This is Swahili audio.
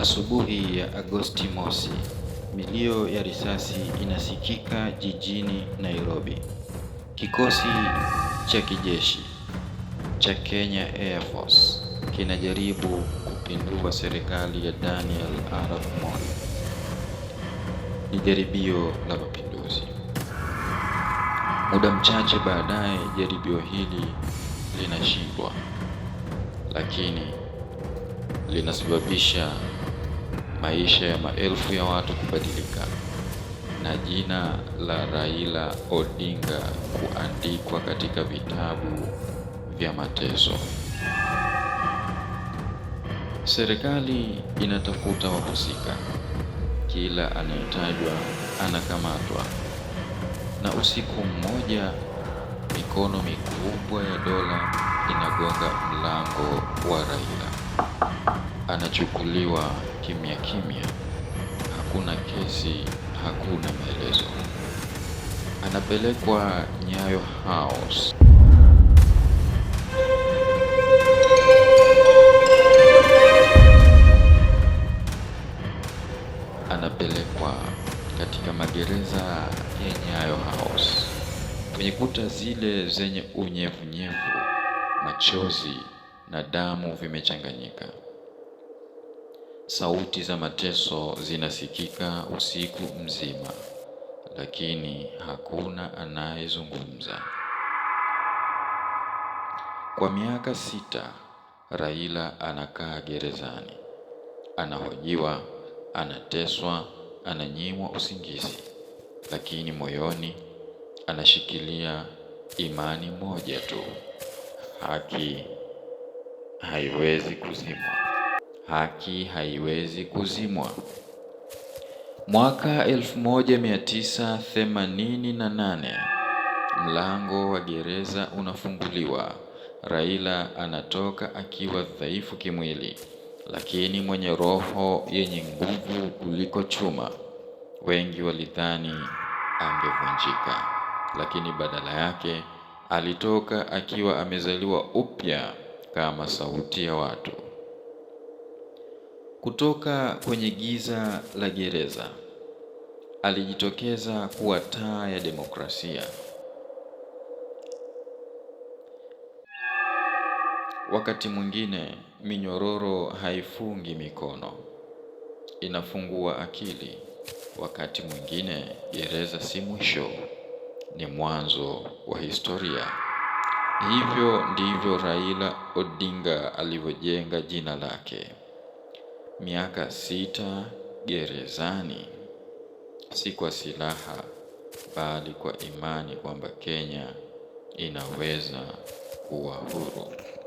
Asubuhi ya Agosti mosi, milio ya risasi inasikika jijini Nairobi. Kikosi cha kijeshi cha Kenya Air Force kinajaribu kupindua serikali ya Daniel Arap Moi. Ni jaribio la mapinduzi. Muda mchache baadaye, jaribio hili linashindwa, lakini linasababisha maisha ya maelfu ya watu kubadilika na jina la Raila Odinga kuandikwa katika vitabu vya mateso. Serikali inatafuta wahusika, kila anayetajwa anakamatwa, na usiku mmoja mikono mikubwa ya dola inagonga mlango wa Raila anachukuliwa kimya kimya, hakuna kesi, hakuna maelezo. Anapelekwa Nyayo House. Anapelekwa katika magereza ya Nyayo House, kwenye kuta zile zenye unyevunyevu, machozi na damu vimechanganyika. Sauti za mateso zinasikika usiku mzima, lakini hakuna anayezungumza. Kwa miaka sita, Raila anakaa gerezani, anahojiwa, anateswa, ananyimwa usingizi, lakini moyoni anashikilia imani moja tu: haki haiwezi kuzimwa haki haiwezi kuzimwa. Mwaka 1988 mlango wa gereza unafunguliwa. Raila anatoka akiwa dhaifu kimwili, lakini mwenye roho yenye nguvu kuliko chuma. Wengi walidhani angevunjika, lakini badala yake alitoka akiwa amezaliwa upya kama sauti ya watu. Kutoka kwenye giza la gereza alijitokeza kuwa taa ya demokrasia. Wakati mwingine minyororo haifungi mikono, inafungua akili. Wakati mwingine gereza si mwisho, ni mwanzo wa historia. Hivyo ndivyo Raila Odinga alivyojenga jina lake miaka sita gerezani, si kwa silaha bali kwa imani kwamba Kenya inaweza kuwa huru.